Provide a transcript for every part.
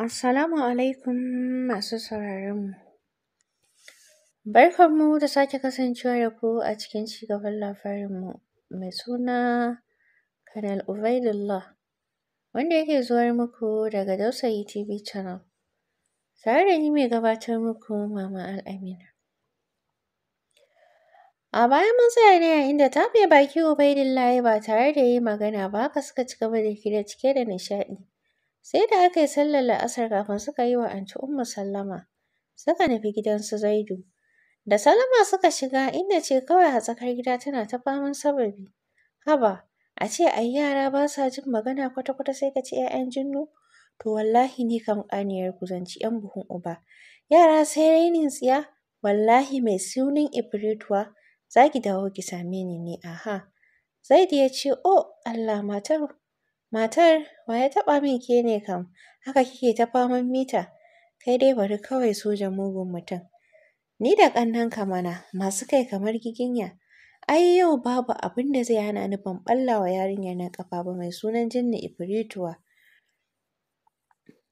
Assalamu alaikum masu sauraron mu. mu da sake kasancewa da ku a cikin cigaban labarin mu mai suna Kanal Ubaidullah, wanda yake zuwa muku daga Dausayi TV Channel. Tare da ni mai gabatar muku Mama Al'amina. A bayan mun tsaya ne yayin da tafe baki ubaidullah ba tare da yi magana ba ka suka ci gaba da kira cike da nishaɗi. Sai da aka yi sallar la'asar kafin suka yi wa anti Ummu sallama. Suka nufi su Zaidu. Da salama suka shiga inda ce kawai a tsakar gida tana ta faman sababi. Haba, a ce ai yara ba sa jin magana kwata-kwata sai ka ce 'ya'yan jinnu. To wallahi ni kam ƙaniyar ku zanci 'yan buhun uba. Yara sai rainin tsiya, wallahi mai sunin ifirituwa, za ki dawo ki same ni ne aha. Zaidu ya ce, o oh, Allah matar Matar, wa ya taɓa min ke ne kam? Haka kike ta faman mita? Kai dai bari kawai sojan mugun mutum. Ni da ka mana, masu kai kamar giginya. Ai yau babu abin da zai hana ni ban ɓalla wa yarinyar nan kafa ba mai sunan Jinni Ifirituwa.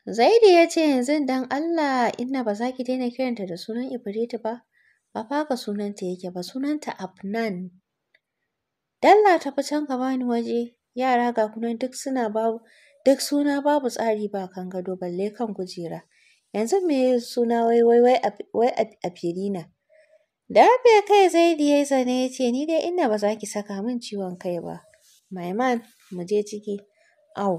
Zaidi ya ce yanzu dan Allah inna ba za ki daina kiranta da sunan Ifiritu ba, ba fa ka sunanta yake ba sunanta Afnan. Dalla ta fi can gaba ni waje, yara ga kunan duk suna babu duk suna babu tsari ba kan gado balle kan kujera yanzu me suna wai wai wai wai a firina da rafe kai zaidi yayi zane ya ce ni dai inna ba za ki saka min ciwon kai ba maiman mu je ciki au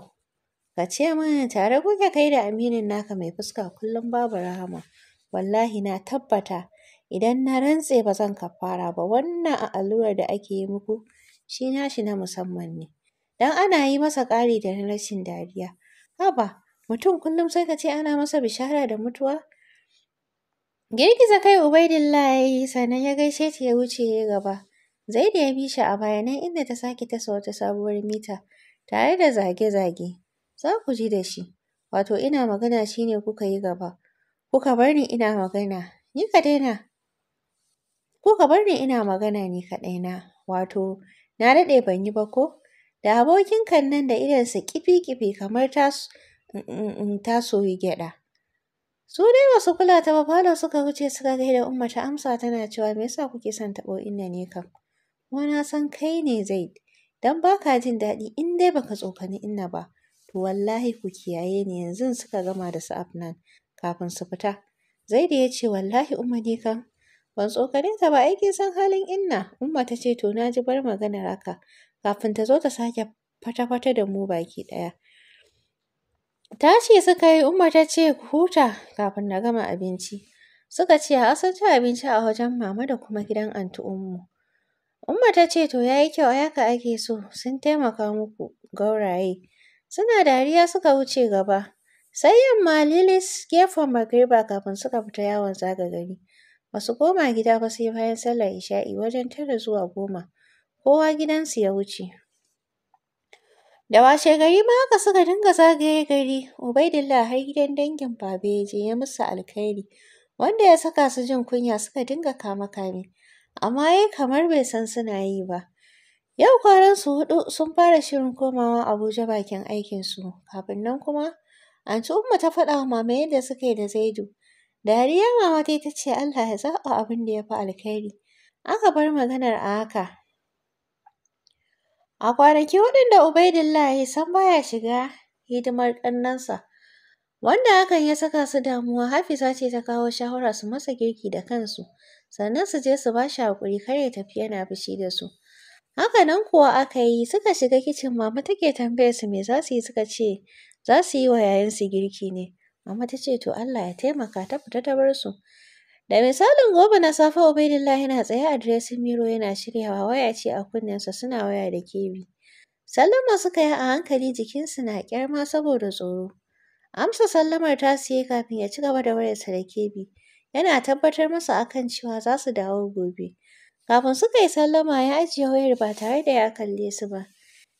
ka ce min tare kuke kai da aminin naka mai fuska kullum babu rahama wallahi na tabbata idan na rantse ba zan kafara ba wannan a allurar da ake yi muku shi na shi na musamman ne dan ana yi masa ƙari da rashin dariya. Haba, mutum kullum sai ka ce ana masa bishara da mutuwa? Girgiza kai Ubaidillah ya yi sannan ya gaishe ta ya wuce ya gaba. Zaidu ya bi shi a baya nan inda ta sake tasa wata sabuwar mita tare da zage-zage. Za ku ji da shi, wato ina magana shi ne kuka yi gaba. Kuka bar ni ina magana, ni ka daina. Kuka bar ni ina magana ni kaɗai na, wato na daɗe ban yi ba ko? da abokin kannan da idonsa kifi-kifi kamar ta mm, mm, mm, soyi gyaɗa. Su dai ba su kula ta ba falo suka wuce suka da Umma ta amsa tana cewa me yasa kuke son taɓo inna ne kam? Kuma na san kai ne zai dan baka jin daɗi in dai baka tsokani inna ba. To wallahi ku kiyaye ni yanzu suka gama da su Afnan kafin su fita. Zaidi ya ce wallahi Umma ne kam ban tsokane ta ba aiki san halin inna. Umma ta ce to na ji bar maganar haka. kafin ta zo ta sake fata-fata da mu baki ɗaya. Tashi suka yi Umma ta ce ku huta kafin na gama abinci. Suka ce a sun ci abinci a wajen mama da kuma gidan anti Ummu. Umma ta ce to ya yi kyau haka ake so sun taimaka muku gauraye. Suna dariya suka wuce gaba. Sai yamma Lilis gefen magriba kafin suka fita yawon zaga gari. Ba su koma gida ba sai bayan sallar isha'i wajen tara zuwa goma. kowa gidansu ya wuce. Da washe gari ma aka suka dinga zagaye gari, Ubaidillah har gidan dangin Baba ya je ya musu alkhairi, wanda ya saka su jin kunya suka dinga kame-kame, amma ya kamar bai san suna yi ba. Yau su hudu sun fara shirin komawa Abuja bakin aikinsu, kafin nan kuma ci Umma ta faɗa wa Mama yadda suka yi da Zaidu. Dariya Mama ta ce Allah ya zaɓa abin da ya fi alkhairi. Aka bar maganar a haka A kwanaki waɗanda Ubaidullahi San baya shiga hidimar ƙannansa wanda hakan ya saka su damuwa, Hafiza ce ta kawo shawara su masa girki da kansu, sannan su je su ba shi haƙuri kar ya tafi yana fushi da su. Haka nan kuwa aka yi, suka shiga kicin Mama take tambayar su me za su yi suka ce za su yi wa yayansu girki ne. Mama ta ce to Allah ya taimaka ta fita ta bar su. Da misalin gobe na safe Ubaidullahi yana tsaye a dressing mirror yana shiryawa waya ce a kunnensa suna waya da kebi. Sallama suka yi a hankali jikinsu na kyarma saboda tsoro. Amsa sallamar ta siye kafin ya ci gaba da wayarsa da kebi. Yana tabbatar masa akan cewa za su dawo gobe. Kafin suka yi sallama ya ajiye wayar ba tare da ya kalle su ba.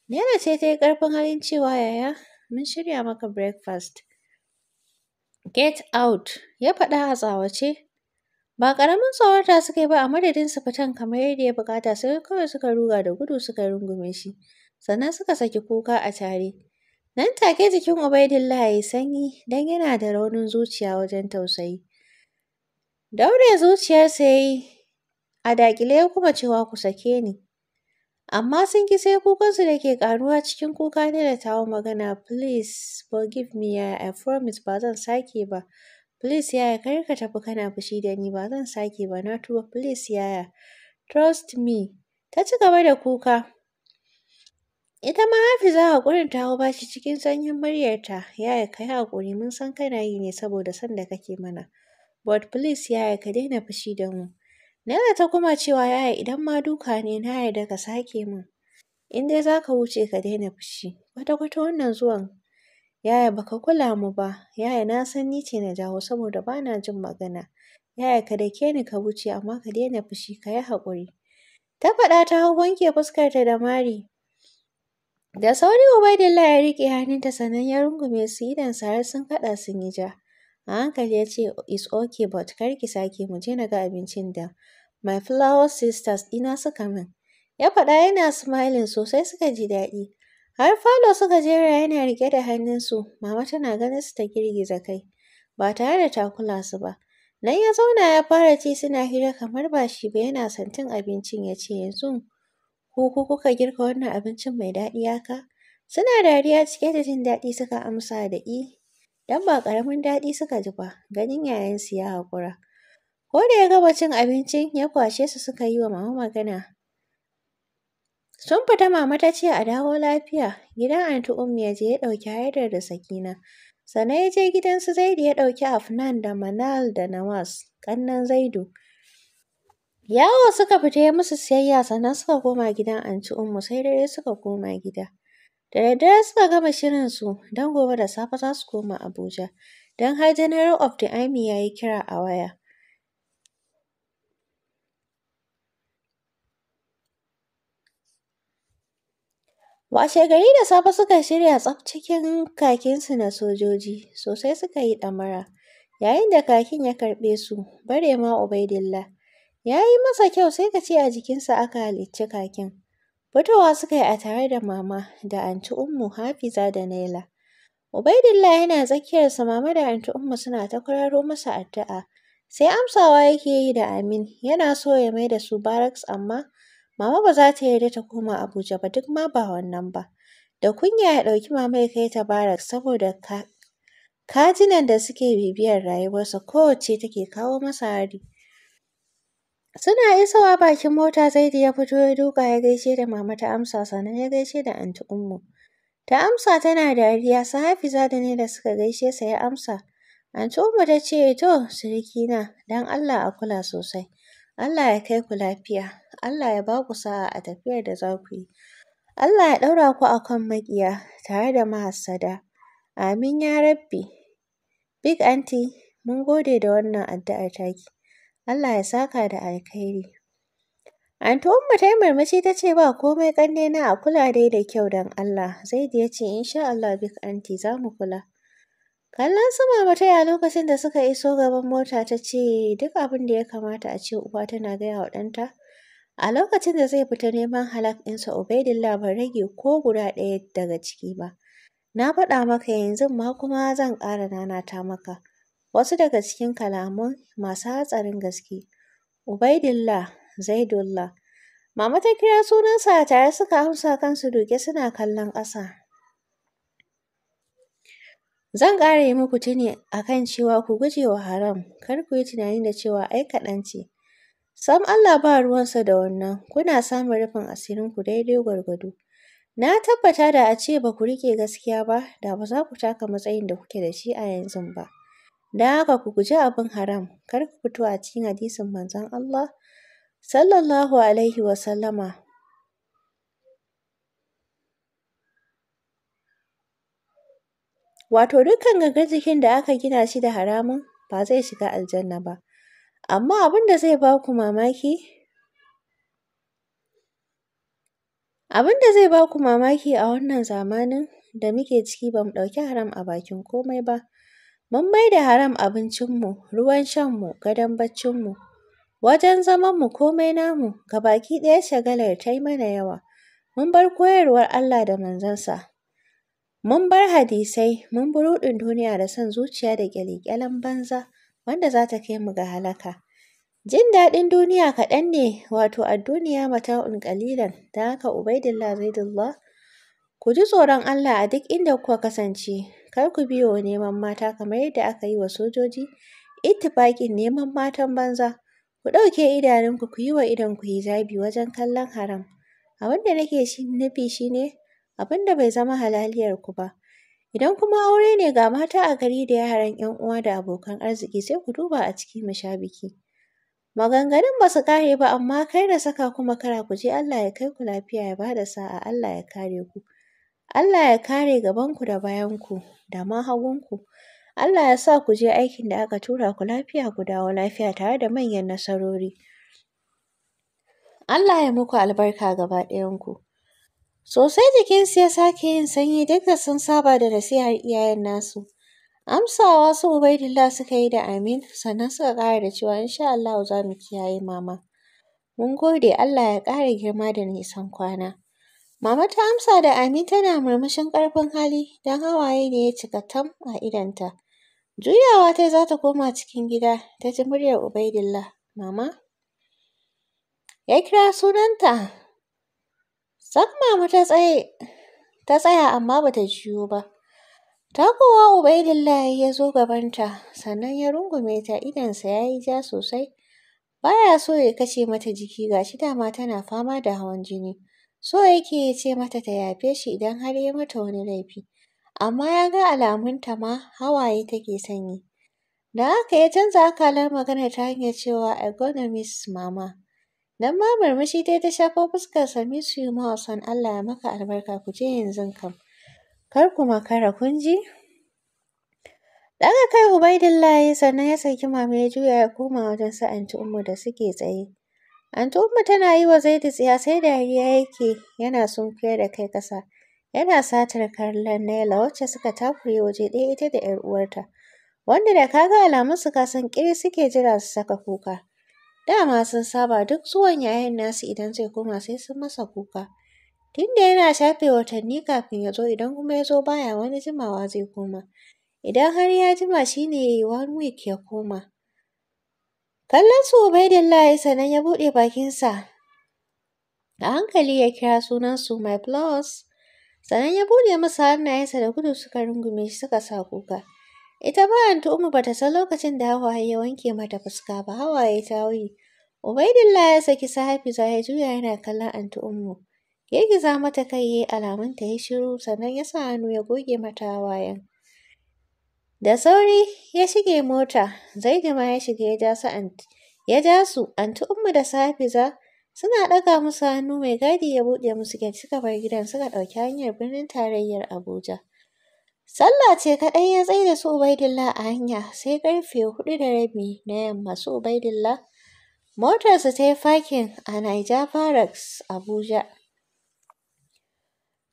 Nera ce ta yi ƙarfin halin cewa yaya mun shirya maka breakfast. Get out ya faɗa a tsawace. Ba ƙaramin tsawarta suka yi ba a madadin su fitan kamar yadda ya bukata sai kawai suka ruga da gudu suka rungume shi. Sannan suka saki kuka a tare. Nan take jikin Ubaidillah ya sanyi don yana da raunin zuciya wajen tausayi. Daure zuciyarsa ya yi a dakile ya kuma cewa ku sake ni. amma sun ki sai kukansu da ke ƙaruwa cikin kuka ne da tawa magana please forgive me I promise ba zan sake ba Please yaya kar ka tafi kana fushi da ni ba zan sake ba na tuba please yaya. Trust me. Ta ci gaba da kuka. Ita ma Hafiza haƙurin ta hau bashi cikin sanyin muryarta, yaya ka yi haƙuri mun san kana yi ne saboda son da kake mana. But please yaya ka daina fushi da mu. naira ta kuma cewa yaya idan ma duka ne na yarda ka sake mun In dai za ka wuce ka daina fushi, kwata-kwata wannan zuwan Yaya baka kula mu ba, yaya na san ni ce na jawo saboda bana jin magana. Yaya ka dake ni ka wuce amma ka daina fushi ka yi hakuri. Ta faɗa ta hau wanke fuskar ta da mari. Da sauri Ubaidillah ya riƙe hannunta sannan ya rungume su idan har sun kaɗa sun yi ja. A hankali ya ce is okay but kar ki sake mu je na ga abincin da my flower sisters ina suka min. Ya faɗa yana smiling sosai suka ji daɗi. Har falo suka jera yana rike da hannunsu, mama tana ganin su ta girgiza kai, ba tare da ta kula su ba. Nan ya zauna ya fara ci suna hira kamar ba shi ba yana santin abincin ya ce yanzu ku ku kuka girka wannan abincin mai daɗi haka? Suna dariya cike da jin daɗi suka amsa da i. Eh. Dan ba ƙaramin daɗi suka ji ba, ganin yayansu ya haƙura. Ko da ya gama cin abincin ya kwashe su suka yi wa mama magana. Sun fita mama ta ce a dawo lafiya. Gidan anti Ummi ya je ya ɗauki Haidar da Sakina. Sannan ya je gidan su Zaidu ya ɗauki Afnan da Manal da Nawas, ƙannan Zaidu. Yawo suka fita ya musu siyayya sannan suka koma gidan anti Ummu sai dare suka koma gida. Da daddare suka gama shirin su don gobe da safe za su koma Abuja. Don har General of the Army ya yi kira a waya. gari da safe suka shirya tsaf cikin kakinsu na sojoji, sosai suka yi ɗamara. Yayin da kakin ya karɓe su, bare ma Ubaidillah. Ya yi masa kyau sai ka ce a jikinsa aka halicci kakin. Fitowa suka yi a tare da mama da anti Ummu Hafiza da Naila. Ubaidillah yana tsakiyarsa mama da anti Ummu suna ta kwararo masa addu'a. Sai amsawa yake yi da amin, yana so ya mai da su barracks amma Mama ba za ta yarda ta koma Abuja ba duk ma ba wannan ba. Da kunya ya ɗauki mama ya kai ta barak saboda ka kajinan da suke bibiyar rayuwarsa kowacce take kawo masa hari. Suna isawa bakin mota Zaidu ya fito ya duka ya gaishe da mama ta amsa sannan ya gaishe da anti Ummu. Ta amsa tana dariya su Hafiza da ne da suka gaishe sa ya amsa. Anti Ummu ta ce to sirikina don Allah a kula sosai. Allah ya kai ku lafiya. Allah ya ba ku sa'a a tafiyar da za ku yi. Allah ya ɗaura ku a kan maƙiya tare da mahassada. Amin ya rabbi. Big anti, mun gode da wannan addu'ar taki. Allah ya saka da alkhairi. Anti Umma ta yi murmushi ta ce ba komai ƙannena a kula dai da kyau don Allah. Zaidu ya ce insha Allah Big anti, za mu kula. Kallon sama mata ya lokacin da suka iso gaban mota ta ce duk abin da ya kamata a ce uwa tana gaya wa ɗanta. A lokacin da zai fita neman halak ɗinsa Ubaidillah ban rage ko guda ɗaya daga ciki ba. Na faɗa maka yanzu ma kuma zan ƙara nanata maka. Wasu daga cikin kalamun masu hatsarin gaske. Ubaidillah, Zaidullah. Mama ta kira sunansa tare suka amsa kansu doke suna kallon ƙasa. Zan ƙara yi muku tuni a kan cewa ku guje wa haram, kar ku yi tunani da cewa ai kaɗan ce. Sam Allah ba ruwansa da wannan, kuna samun rufin asirin ku daidai gwargwado. Na tabbata da a ce ba ku riƙe gaskiya ba, da ba za ku taka matsayin da kuke da shi a yanzu ba. Da haka ku guji abin haram, kar ku fito a cikin hadisin manzon Allah sallallahu alaihi wa sallama wato dukkan gangar jikin da aka gina shi da haramun ba zai shiga aljanna ba amma abin da zai ba ku mamaki abin da zai ba ku mamaki a wannan zamanin da muke ciki ba mu ɗauki haram a bakin komai ba mun mai da haram abincinmu ruwan shanmu gadon baccinmu wajen zamanmu komai namu ga baki ɗaya shagalar ta yi mana yawa mun bar koyarwar Allah da manzansa Mun bar hadisai, mun buruɗin duniya da son zuciya da ƙyale-ƙyalen banza wanda za ta kai mu ga halaka. Jin daɗin duniya kaɗan ne, wato adduniya duniya mata'un ƙalilan, don haka Ubaidillah Zaidullah, ku ji tsoron Allah a duk inda kuka kasance, kar ku biyo wa neman mata kamar yadda aka yi wa sojoji ittifaƙin neman matan banza. Ku ɗauke idanunku ku yi wa idonku hijabi wajen kallon haram. Abin da nake nufi shi ne abin da bai zama ku ba. Idan kuma aure ne ga mata a gari da yaran 'yan uwa da abokan arziki sai ku duba a ciki mu sha biki. Maganganun ba su kare ba amma kai da saka kuma kara ku je Allah ya kai ku lafiya ya ba da sa'a Allah ya kare ku. Allah ya kare gaban ku da bayan ku, da ma ku. Allah ya sa ku je aikin da aka tura ku lafiya ku dawo lafiya tare da manyan nasarori. Allah ya muku albarka gaba ku. Sosai jikinsu ya sake yin sanyi duk da sun saba da nasihar iyayen nasu. Amsawa su Ubaidillah suka yi da amin sannan suka ƙara da cewa insha Allah za mu kiyaye mama. Mun gode Allah ya ƙara girma da nisan kwana. Mama ta amsa da amin tana murmushin ƙarfin hali don hawaye ne ya cika tam a idonta. Juyawa ta za ta koma cikin gida ta ji muryar Ubaidillah, mama. Ya kira sunanta Sak mama ta tsaye ta tsaya amma bata jiyo ba. ta Takowa Ubaidillahi ya zo gabanta sannan ya rungume ta idonsa ya yi ja sosai. Baya so ya kashe mata jiki ga shi dama tana fama da hawan jini. So yake ya ce mata ta yafe shi idan har ya mata wani laifi. Amma ya ga alamunta ma hawaye take sanyi. Da haka ya canza akalar magana ta hanyar cewa I gonna miss mama. Don ma murmushi dai ta shafa fuskar sami you ma son Allah ya maka albarka ku je yanzu kam. Kar ku makara kun ji. Daga kai Ubaidillah ya sannan ya saki mama ya juya ya koma wajen sa anti Ummu da suke tsaye. Anti Ummu tana yi wa Zaidu tsiya sai dariya yake yana sunkuyar da kai kasa Yana satar kallon Naila wacce suka takure waje ɗaya ita da ‘yar uwarta. Wanda da kaga alamun su ka san ƙiri suke jira su saka kuka. Dama sun saba duk zuwan yayan nasu idan zai koma sai sun masa kuka. Tunda yana shafe watanni kafin ya zo idan kuma ya zo baya wani jimawa zai koma. Idan har ya jima shi ne one week ya koma. Kallon su Ubaidullahi sannan ya buɗe bakinsa. A hankali ya kira sunansu My Plus. Sannan ya buɗe masa hannayensa da gudu suka rungume shi suka sa kuka. Ita ba Anti Umu ba ta san lokacin da hawaye ya wanke mata fuska ba, hawaye ta wuyi. Ubaidillah ya saki sahafiza ya juya yana kallon Anti Umu. Girgiza mata kai ya yi alamun ta yi shiru sannan ya sa hannu ya goge mata hawayen. Da sauri ya shige mota, Zaidi ma ya shiga ya ja su anti. Ya ja su, anti Ummu da Safiza suna ɗaga musu hannu mai gadi ya buɗe musu gate suka bar gidan suka ɗauki hanyar birnin tarayyar Abuja. Sallah ce kaɗai ya da su Ubaidillah a hanya sai ƙarfe hudu da rabi na yamma su Ubaidillah motarsu ta yi fakin a niger Barracks Abuja.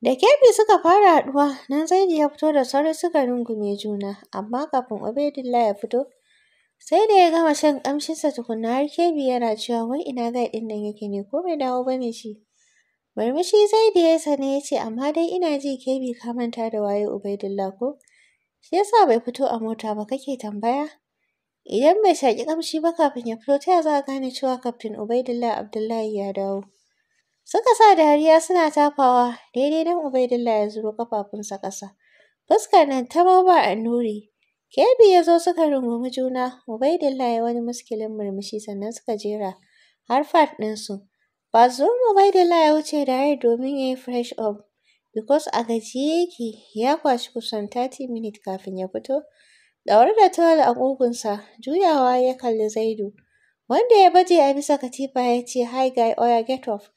Da kebi suka fara haɗuwa nan Zaidi ya fito da sauri suka rungume juna amma kafin Ubaidillah ya fito sai da ya gama shan ƙamshinsa tukunna har kebi yana cewa wai ina ga ɗin nan yake ne ko bai dawo ba ne shi. Murmushi Zaidu ya sane ya ce, amma dai ina ji ke bi ka manta da waye Ubaidullah ko? Shi yasa bai fito a mota ba kake tambaya? Idan bai shaƙi ƙamshi ba kafin ya fito ta za a gane cewa kaftin Ubaidullah Abdullahi ya dawo. Suka sa dariya suna tafawa daidai don Ubaidullah ya zuro kafafunsa ƙasa. Fuskar nan ta ma ba a Nuri. Kebi ya zo suka rungumi juna, Ubaidullah ya wani muskilin murmushi sannan suka jera har fat ɗinsu. Ba bai da ya wuce da Zaire domin ya yi fresh up because a gaji yake, ya kwashi kusan 30 minutes kafin ya fito, daure da towel a sa, juyawa ya kalli Zaidu, wanda ya baje a bisa katifa ya ce, "Hi guy, oya get off,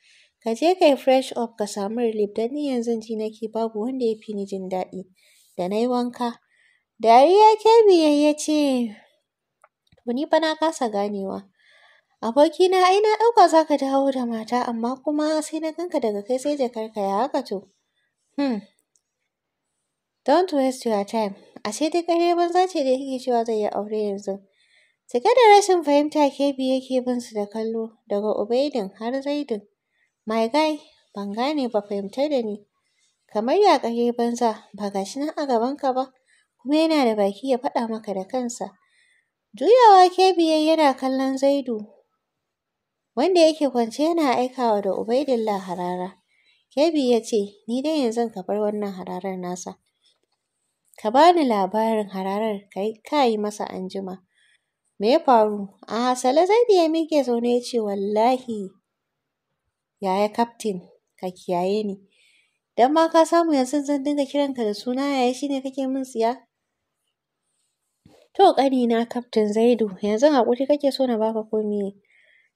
ka je ka yi fresh up ka samu relief don ni yanzu ji nake babu wanda ya fi ni jin daɗi da na yi wanka." Dariya kebi ya ya ce, "To ni fa na kasa ganewa, Abokina ai na ɗauka za ka dawo da mata amma kuma sai na ganka daga kai sai jakarka ya haka to. Hmm. Don't waste your time. Ashe dai ƙarya banza ce da yake cewa zai yi aure yanzu. Cike da rashin fahimta Kebi yake bin su da kallo daga Ubaidin har Zaidin. My guy, ban gane ba fahimtar da ni. Kamar ya ƙarya banza ba ga shi nan a gabanka ba kuma yana da baki ya faɗa maka da kansa. Juyawa biye yana kallon Zaidu wanda yake kwance yana aikawa da Ubaidillah harara. Kebi ya ce, Ni dai yanzu ka bar wannan hararar nasa. Ka bani labarin hararar ka yi masa anjima. Me ya faru? A hasale Zaidu ya mike zaune ya ce, Wallahi, yaya kaftin, ka kiyaye ni. Dan ma ka samu yanzu zan dinga kiranka da suna yaya shine kake min siya? To na kaftin Zaidu, yanzu hakuri kake so na baka komi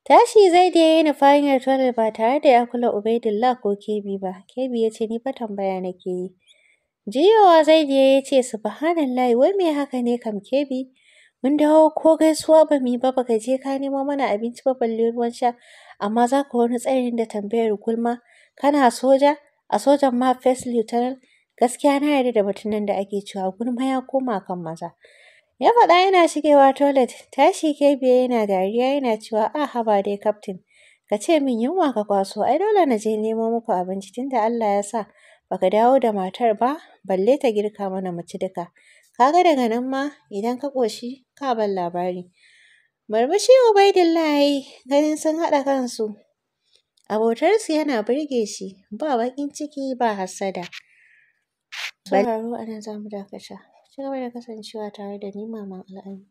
Tashi zai da ya na hanyar tunnel ba tare da ya kula UbaidulLah ko Kebi ba. Kebi ya ce ni fa tambaya nake yi. Jiyowa zai da ya ce subhanallahi wai me haka ne kam Kebi? Mun dawo ko gaisuwa ba mu yi ba baka je ka nemo mana abinci ba balle ruwan sha amma za ka wani tsayin da tambayar gulma kana soja a sojan ma first lieutenant gaskiya na yarda da batunan da ake cewa gulma ya koma kan maza. Ya faɗa yana shigewa toilet, tashi kebiye yana dariya yana cewa a ah, haba dai kaftin, ka ce min yunwa ka kwaso, ai dole na je nemo muku abinci tunda Allah ya sa baka dawo da matar ba, balle ta girka mana mu ci duka. Ka ga daga nan ma idan ka ƙoshi ka ban labari. Murmushi Ubaidillahi ya yi ganin sun haɗa kansu. Abotarsu yana burge shi, ba baƙin ciki ba hassada. Sauraro a nan za mu dakata. Ci gaba da kasancewa tare da ni Maman